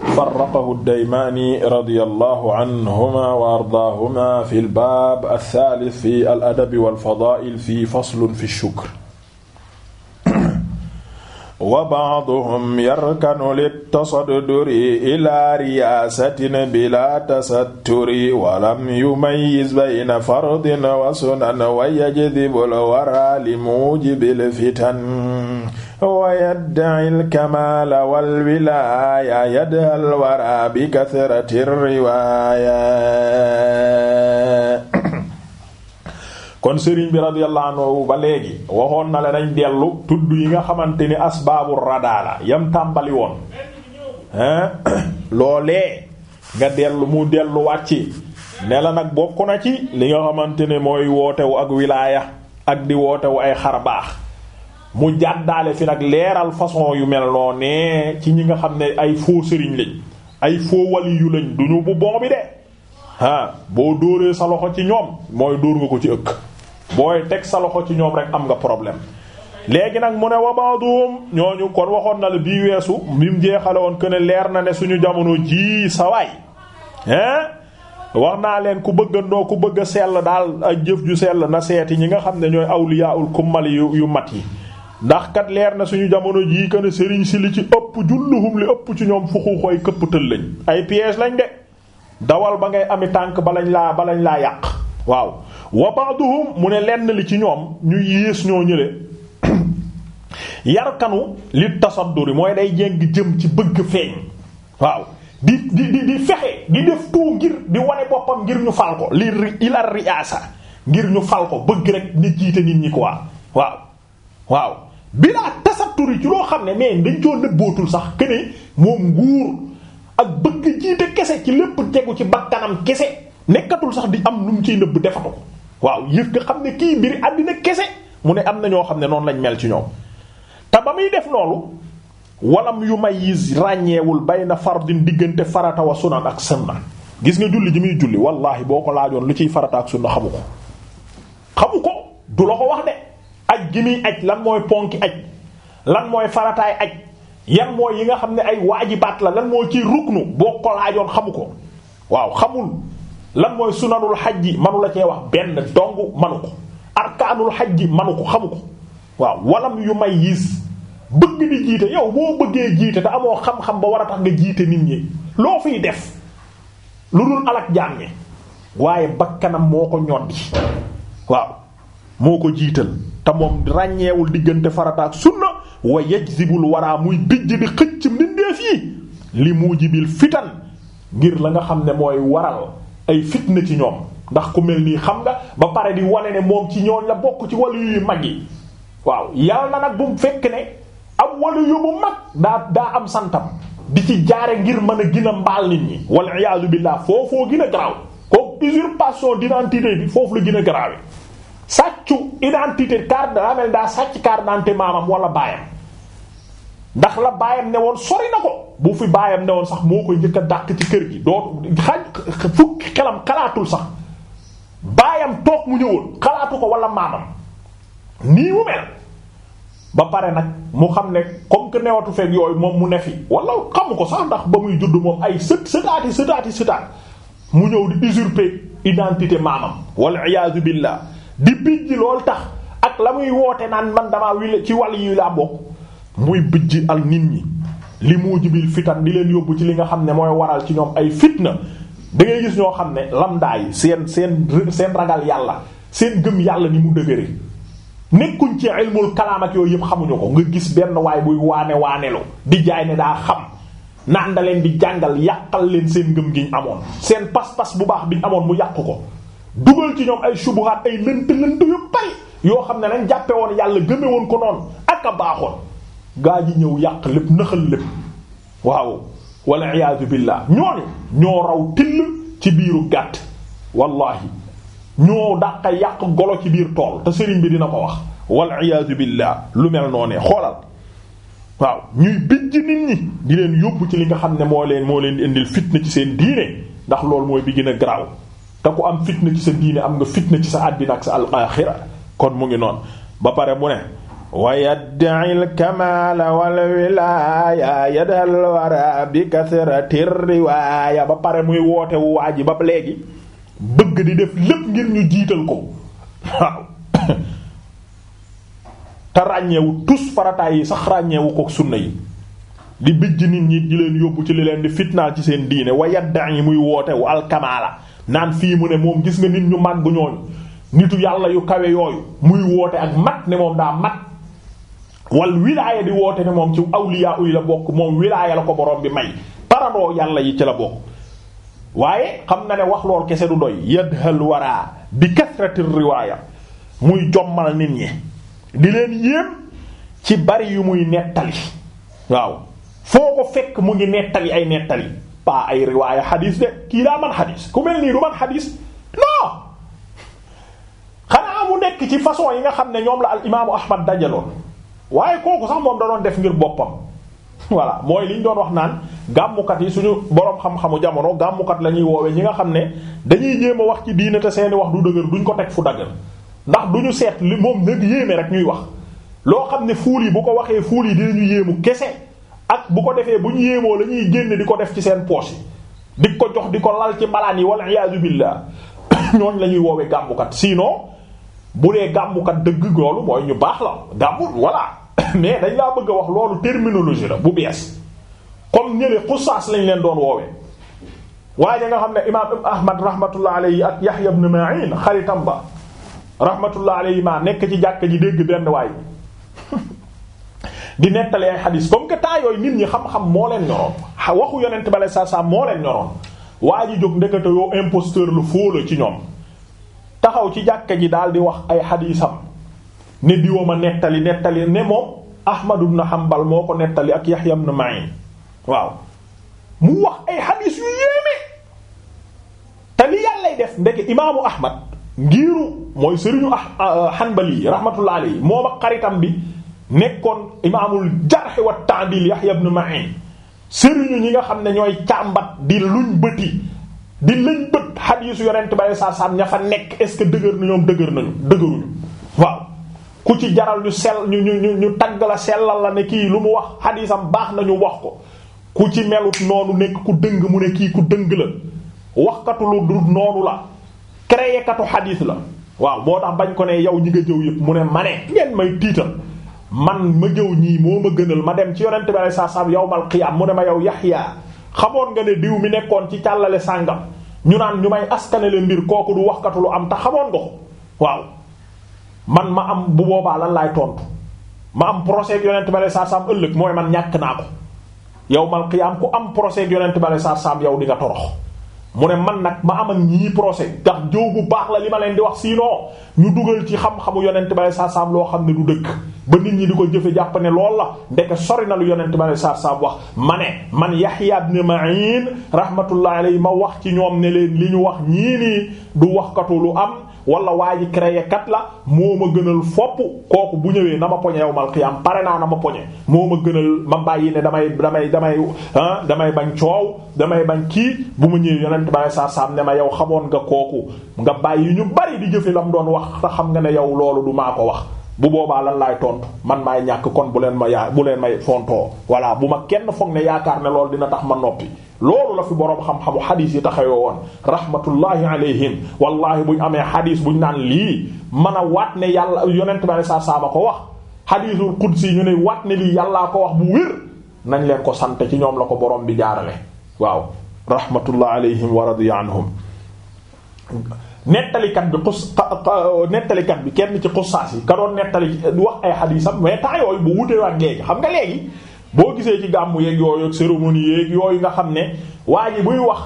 farraqahu ad-Daymaani radiyallahu anhuma wa ardaahuma fi al-baab ath-thaalith fi al-adab wal-fadaa'il fi faslun fi ash-shukr wa ba'duhum yarkanu litasadduri ila riyasatin bila tasatturi walam yumayyiz bayna fardin wa sunan wa yajdibul wara li mujibil fitan wa yadda'i al-kamala wal wilaya yadhal wara bi kathrati riwaya kon sëriñ bi radiyallahu anhu ba léegi waxoon na la nañ dellu tudd yi nga xamante ni asbaabu radaala yam tàmbali woon loolee nga dellu mu delluwaat ci ne la nag bokk na ci li nga xamante ne mooy wootewu ak wilaaya ak di wootewu ay xar baax mu jàddaale fi nag leeral façon yu mel noo ci ñi nga xam ne ay faux sëriñ lañ ay faux waliyu lañ duñu bu bon de boo dóoree sa loxo ci ñoom mooy dóor nga ko ci ëkk booy teg sa loxo ci ñoom rek am nga problème léegi nag mu ne wabaadum ñooñu kon waxoon na la bii weesu bi mu jeexale woon que ne leer na ne suñu jamono jii sawaay hein wax naa leen ku bëgg ndoo ku bëgg a sell daal ak jëf ju sell na seeti ñi nga xam ne ñooy awliyaul kummal mali yu mat yi ndax kat leer na suñu jamono jii que ne sëriñ si li ci ëpp julluhum li ëpp ci ñoom fuxuxooy këpp tël lañ ay piège lañ de dawal ba ngay ami tànk ba lañ laa ba lañ laa yàq waaw wa ba'duhum mu ne lenn li ci ñoom ñu yées ñoo ñële yarkanu li tasadduri mooy day jéng jëm ci bëgg feeñ waaw di di di fexe di def tout ngir di wane boppam ngir ñu fal ko li ila riasa ngir ñu fal ko bëgg rek ni jiite nit ñi quoi waaw waaw bilaa tasatturi ci loo xam ne mais dañ coo nëbbootul sax que ne moom nguur ak bëgg jiite kese ci lépp tegu ci bakkanam kese nekkatul sax di am nu mu ciy nëbb defatu ko waaw yëg nga xam ne kii mbiri àddina kese mu ne am na ñoo xam ne noonu lañ mel ci ñoom te ba muy def loolu walam yu mayiz ràññeewul bay na fardin diggante farata wa ak sunna gis nga julli ji muy julli wallahi boo ko laajoon lu ciy farata ak sunna xamu ko xamu ko du la ko wax de aj gi muy aj lan mooy ponki aj lan mooy farataay aj yan mooy yi nga xam ne ay waajibaat la lan moo ciy ruknu boo ko laajoon xamu ko waaw xamul lan mooy sunanul xajji manu la cee wax benn dong manu ko arkaanul xajji manu ko xamu ko waaw walam yu may yiis bëgg di jiite yow boo bëggee jiite te amoo xam-xam ba war a tax nga jiite nit ñi loo fiy def lu dul alak jaam ñi waaye bakkanam moo ko ñoddi waaw moo ko jiital te moom ràññeewul diggante farata ak sunna wa yajzibul waraa muy bijj di xëcc mbindeef yi li muujibil fitan ngir la nga xam ne mooy waral ay fitna ci ñoom ndax ku mel nii xam nga ba pare di wale ne moom ci ñoon la bokk ci wàllu yu mag yi waaw yàlla nag bu fekk ne am wàllu yu bu mag daa daa am santam di ci jaare ngir mën a gën a mbaal nit ñi wal iyaazu billaah foofoo gën a garaaw ko usurpation d'identité bi foofu la gën a garaawe sàccu identité carte daa mel daa sàcc carte d'identité maamam wala baayam ndax la baayam ne woon sori na ko bu fi baayam ne woon sax moo koy njëkk a dàq ci kër gi doo xaj fukki xelam kalaatul sax baayam toog mu ñëwoon xalaatu ko wala maamam nii mu mel ba pare nag mu xam ne comme que newatu feeg yooyu moom mu ne fi wala xamu ko sax ndax ba muy judd moom ay sët sëtaati sëtaati sëtaat mu ñëw di usurper identité maamam wal iyaazu billah di bijji lool tax ak la muy woote naan man damaa wile ci wàll yi laa bokk muy bijji al nit ñi li mu muujibil fitan di leen yóbbu ci li nga xam ne mooy waral ci ñoom ay fitna da ngay gis ñoo xam ne lamdaa yi seen seen seen ragal yàlla seen gëm yàlla ni mu dëgëre nekkuñ ci ilmul kalaam ak yooyu yëpp xamuñu ko nga gis benn waay buy waane waanelu di jaay ne daa xam naan da leen di jàngal yàqal leen seen ngëm gi ñu amoon seen pas-pas bu baax bi amoon mu yàq ko dugal ci ñoom ay subuhaat ay lënt lënt yu yoo xam ne nañ jàppe woon yàlla gëme woon ko noonu ak a gaa ji ñëw yàq lépp nëxal lépp waaw walla iyaatu billaah ñooñu ñoo raw till ci biiru gàtt wallahi ñoo dàqa yàq golo ci biir tool te sëriñ bi dina ko wax walla iyaatu billaah lu mel noonee xoolal waaw ñuy bijj nit ñi di leen yóbbu ci li nga xam ne moo leen moo leen di indil fitna ci seen diine ndax loolu mooy bi gën a garaaw te ku am fitna ci sa diine am nga fitna ci sa àddina ak sa alaaxira kon mu ngi noon ba pare mu ne waaye yadda'i al-kamaala wal wilaaya ba pare muy woote ji ba léegi bëgg di def jiital ko waaw te ràññeewu yi sax ràññeewu ko di bijj nit ñi di yóbbu ci li leen di fitnaal ci seen diine wa yadda'i muy woote wu naan fii mu ne moom gis nga nit ñu bu ñooñu nitu yàlla yu kawe yooyu muy woote ak mat ne moom daa mat wal wilaaya di woote ne moom ci awliya uy la bokk moom wilaaya la ko borom bi may parandoo yàlla yi ci la bokk waaye xam na ne wax lool kese du doy yadhal waraa bi kasratir riwaaya muy jommal nit ñi di leen yéem ci bari yu muy nettali waaw foo ko fekk mu ngi nettali ay nettali pas ay riwaaya xadiis de kii daa man xadiis ku mel nii du man xadiis non xanaa mu nekk ci façon yi nga xam ne ñoom la al imaamu ahmad dajaloon waaye kooku sax moom da doon def ngir boppam voilà mooy li ñu doon wax naan gàmmukat yi suñu borom xam-xamu jamono gàmmukat la ñuy woowee ñi nga xam ne dañuy jéem a wax ci diine te seeni wax du dëgër duñ ko teg fu daggal ndax du ñu seet li moom nag yéeme rek ñuy wax loo xam ne fuul yi bu ko waxee fuul yi dinañu yéemu kese ak bu ko defee bu ñu yéemoo la ñuy génn di ko def ci seen poche yi di ko jox di ko lal ci malaan yi wala iyaazu billah ñooñ la ñuy woowee gàmmukat sinon bu dee gàmmukat dëgg loolu mooy ñu baax la gàmmu voilà mais dañ laa bëgg a wax loolu terminologie la bu bees comme ñële xusaas lañ leen doon woowee waaye nga xam ne imaam ahmad rahmatullah alayhi ak yahya ibn ma'in xaritam ba rahmatullah alayhi ma nekk ci jàkk ji dégg benn waay di nettali ay xadiis comme que temps yooyu nit ñi xam-xam moo leen ñoroon waxu yonent bale saa saa moo leen ñoroon waa ji jóg ndekete yoo imposteur lu fóola ci ñoom taxaw ci jàkka ji daal di wax ay xadiisam ne diwa ma nettali nettali ne moom Ahmad ibn Hanbal moo ko nettali ak Yahya ibn Ma'in waaw mu wax ay xadiis yu yéeme te li yàllay def ndeke imaamu Ahmad ngiiru mooy sëriñu ah, ah Hanbali yi rahmatullah yi moom ak xaritam bi nekkoon imaamul jarh wa ta'dil Yahya ibn Ma'in sëriñu ñi nga xam ne ñooy càmbat di luñ bëti di lëñ bët xadiisu yonent ba saa saam ña fa nekk est ce que dëgër na ñoom dëgër nañu dëgëruñu. ku ci jaral ñu sel ñu ñu ñu tagg la sellal la ne kii lu mu wax xadiisam baax nañu wax ko ku ci melut noonu nekk ku dëng mu ne kii ku dëng la waxkatu lu dul noonu la créé katu xadiis la waaw moo tax bañ ko ne yow ñi nga jëw yëpp mu ne ma ne ngeen may tiital man ma jëw ñii moo ma gënal ma dem ci yonent bi alei satu salaam yowmal qiyaam mu ne ma yow yaxyaa xamoon nga ne diw mi nekkoon ci càllale sàngam ñu naan ñu may askanele mbir kooku du waxkatu am te xamoon man ma am bu boobaa lan laay tontu ma am procès ak yonent bale saa saam ëllëg mooy man ñàkk naa ko yow qiyaam ku am procès ak yonent bale saa saam yow di nga torox mu ne man nag ma am ak ñii procès ndax jiw bu baax la li ma leen di wax sinon ñu dugal ci xam-xamu yonent bale saa saam loo xam ne du dëkk ba nit ñi di ko jëfe jàpp ne lool la ndeke sori na lu yonent bale saa saam wax ma ne man Yahya ibn Ma'in rahmatullahi alayhi ma wax ci ñoo ne leen li ñu wax ñii nii du waxkatu lu am. wala waa ji créé kat la moo ma gënal fopp kooku bu ñëwee na ma poñe yow mal xiyam pare naa na ma poñe moo ma gënal ma bàyyi ne damay damay damay ah damay bañ coow damay bañ kii bu ma ñëwee yonent ba saa saam ne ma yow xamoon nga kooku nga bàyyi ñu bari di la mu doon wax te xam nga ne yow loolu du maa ko wax. bu boobaa lan laay tontu man maay ñàkk kon bu leen ma yaa bu leen may fontoo voilà bu ma kenn foog ne yaakaar ne loolu dina tax ma noppi. loolu la fi boroom xam-xamu xadiis yi taxawee woon rahmatullahi alayhim bu ñu amee xadiis ñu naan lii man a waat ne yàlla yonent bi saa saa ma ko wax xadiisul qudsi ñu ne waat ne lii yàllaa ko wax bu wér nañ leen ko sant ci ñoom la ko boroom bi jaarale waaw rahmatullah alayhim wa radiya anhum nettalikat bi xus nettalikat bi kenn ci xusaas yi ka doon nettali wax ay xadiisam mais temps yooyu bu wutee ak léegi xam nga léegi boo gisee ci gàmmu yeeg yooyu ak cérémonie yeeg yooyu nga xam ne waa ji buy wax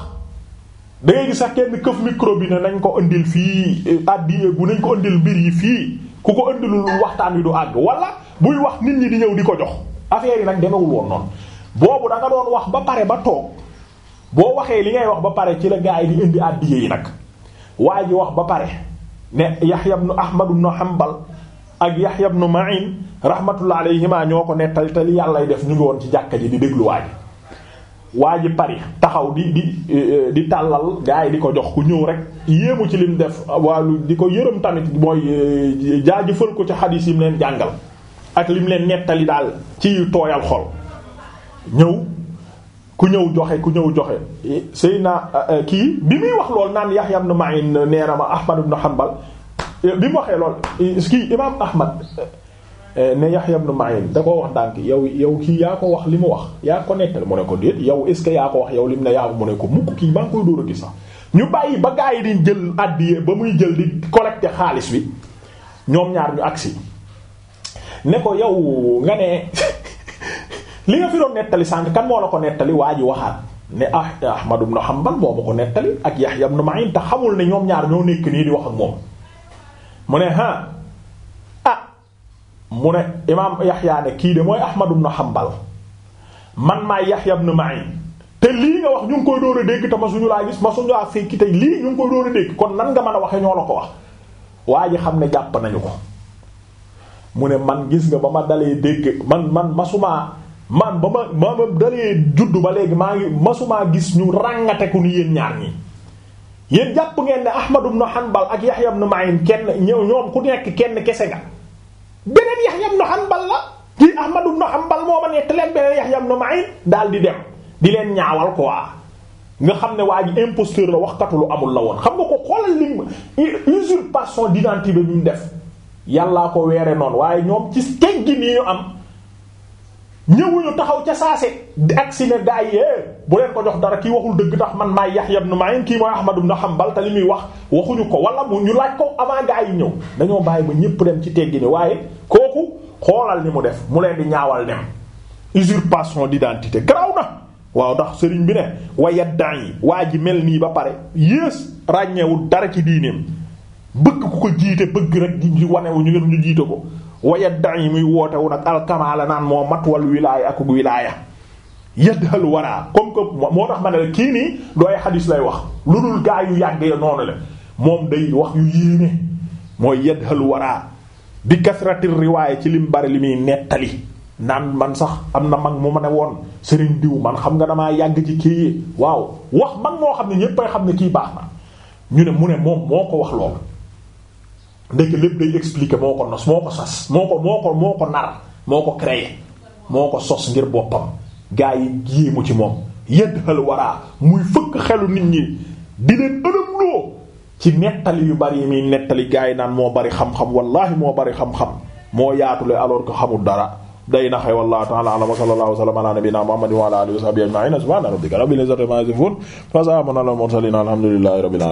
da gis sax kenn këf micro bi nañ ko indil fii eh, addi bu nañ ko indil mbir yi fii ku ko indilul waxtaan wi du àgg wala buy wax nit ñi di ñëw di ko jox affaire yi nag demewul woon noonu boobu da doon wax ba pare ba toog boo waxee li ngay wax ba pare ci la gaa yi di indi addi yi nag waa ji wax ba pare ne nu ibn Ahmad ibn Hanbal ak Yahya ibn Ma'in rahmatullah alayhima ñoo ko nettali te li yàllay def ñu ngi woon ci jàkka ji di déglu waa ji waa ji taxaw di di eh, di tàllal gars yi di ko jox ku ñëw rek yéemu ci lim def waalu di ko yërëm tamit mooy eh, jaajëfal ko ci xadiis yi mu leen jàngal ak lim leen nettali daal ci tooyal xol ñëw ku ñëw joxe ku ñëw joxe eh, sëy na kii bi muy wax lool naan Yahya ibn Ma'in nee na ma Ahmad ibn Eh, bi mu waxee lool kii eh, imaam Ahmad eh, ne Yahya ibn Ma'in da koo wax ki yow yow kii yaa ko wax li mu wax yaa ko nekkal mu ne ko déet yow est ce que yaa ko wax yow li mu ne yaa ko mu ne ko mukk kii maa ngi koy dóor ñu bàyyi ba gaa yi di jël àddiyee ba muy jël di collecté xaalis bi ñoom ñaar ñu agsi ne ko yow nga ne sànq kan moo la ko nettali waa ji waxaat ne ah Ahmad ibn Hanbal moo ma ko nettali ak Yahya ibn Ma'in te xamul ne ñoom ñaar ñoo nekk nii di wax ak moom mu ne ha ah mu ne imaam Yaxya ne kii de mooy Ahmad ibn Hanbal man maay Yaxya na Ma'in te lii nga wax ñu ngi koy door a dégg te ma suñu laa gis ma suñu laa fekki te lii ñu ngi koy door a dégg kon nan nga mën a waxee ñoo la ko wax waa ji xam ne jàpp nañu ko mu ne man gis nga ba ma dalee dégg man man masumaa man ba ma ma dalee juddu ba léegi maa ngi masumaa gis ñu ràngateku ni yéen ñaar ñi yéen jàpp ngeen ne Ahmad ibn Hanbal ak Yahya ibn Ma'in kenn ñëw ñoom ku nekk kenn kese nga beneen Yahya ibn Hanbal la kii Ahmad ibn Hanbal moo a nekk leen beneen Yahya ibn Ma'in daal di dem di leen ñaawal quoi nga xam ne waa ji imposteur la waxkatu lu amul la woon xam nga ko xoolal lim usurpation d'identité bi ñu def yàllaa ko weere noonu waaye ñoom ci teggi nii ñu am. ñëwuñu taxaw ca saase ak si ne gaa yi eh, bu leen ko jox dara kii waxul dëgg ndax man maay Yahya ibn Ma'in kii mooy Ahmad na xam balta li muy wax waxuñu ko wala mu ñu laaj ko avant gaa yi ñëw dañoo bàyyi ba ñépp dem ci teggi ni waaye kooku xoolal ni mu def mu leen di ñaawal dem usurpation d'identité garaaw na waaw ndax sëriñ bi ne wa yaddan yi waa ji mel nii ba pare yées ràññeewul dara ci diineem bëgg ku ko jiite bëgg rek di wanewu ñu ngeen ñu jiite ko wayadda'i muy woote wu nag alkamaala naan moo mat wal wilaaya ak wilaaya yëddal waraa comme que moo tax ma ne la kii nii du ay xadiis lay wax lu dul gaa yu yàggee noonu la moom day wax yu yéene mooy yëddal waraa di kasratir riwaaya ci lim bari li muy nettali naan man sax am na mag mu ma ne woon sëriñ diw man xam nga damaa yàgg ci kii waaw wax mag moo xam ne ñépp ay xam ne kii baax na ñu ne mu ne moom moo ko wax loolu ndekk lépp day expliquer moo ko nos moo ko sas moo ko moo ko moo ko nar moo ko créer moo ko sos ngir boppam gaa yi yéemu ci moom yëddal waraa muy fëkk xelu nit ñi di leen ëlëm loo ci nettali yu bari yi muy nettali gaa naan moo bari xam-xam wallaahi moo bari xam-xam moo yaatule alors que xamul dara day naxee wallahu ta'ala a'lam wa sallallahu wa sallam ala nabiyyina muhammadin wa ala alihi wa sahbihi ajma'in subhana rabbika rabbil izzati amma yasifun wa salamun ala al mursalin alhamdulillahi rabbil alamin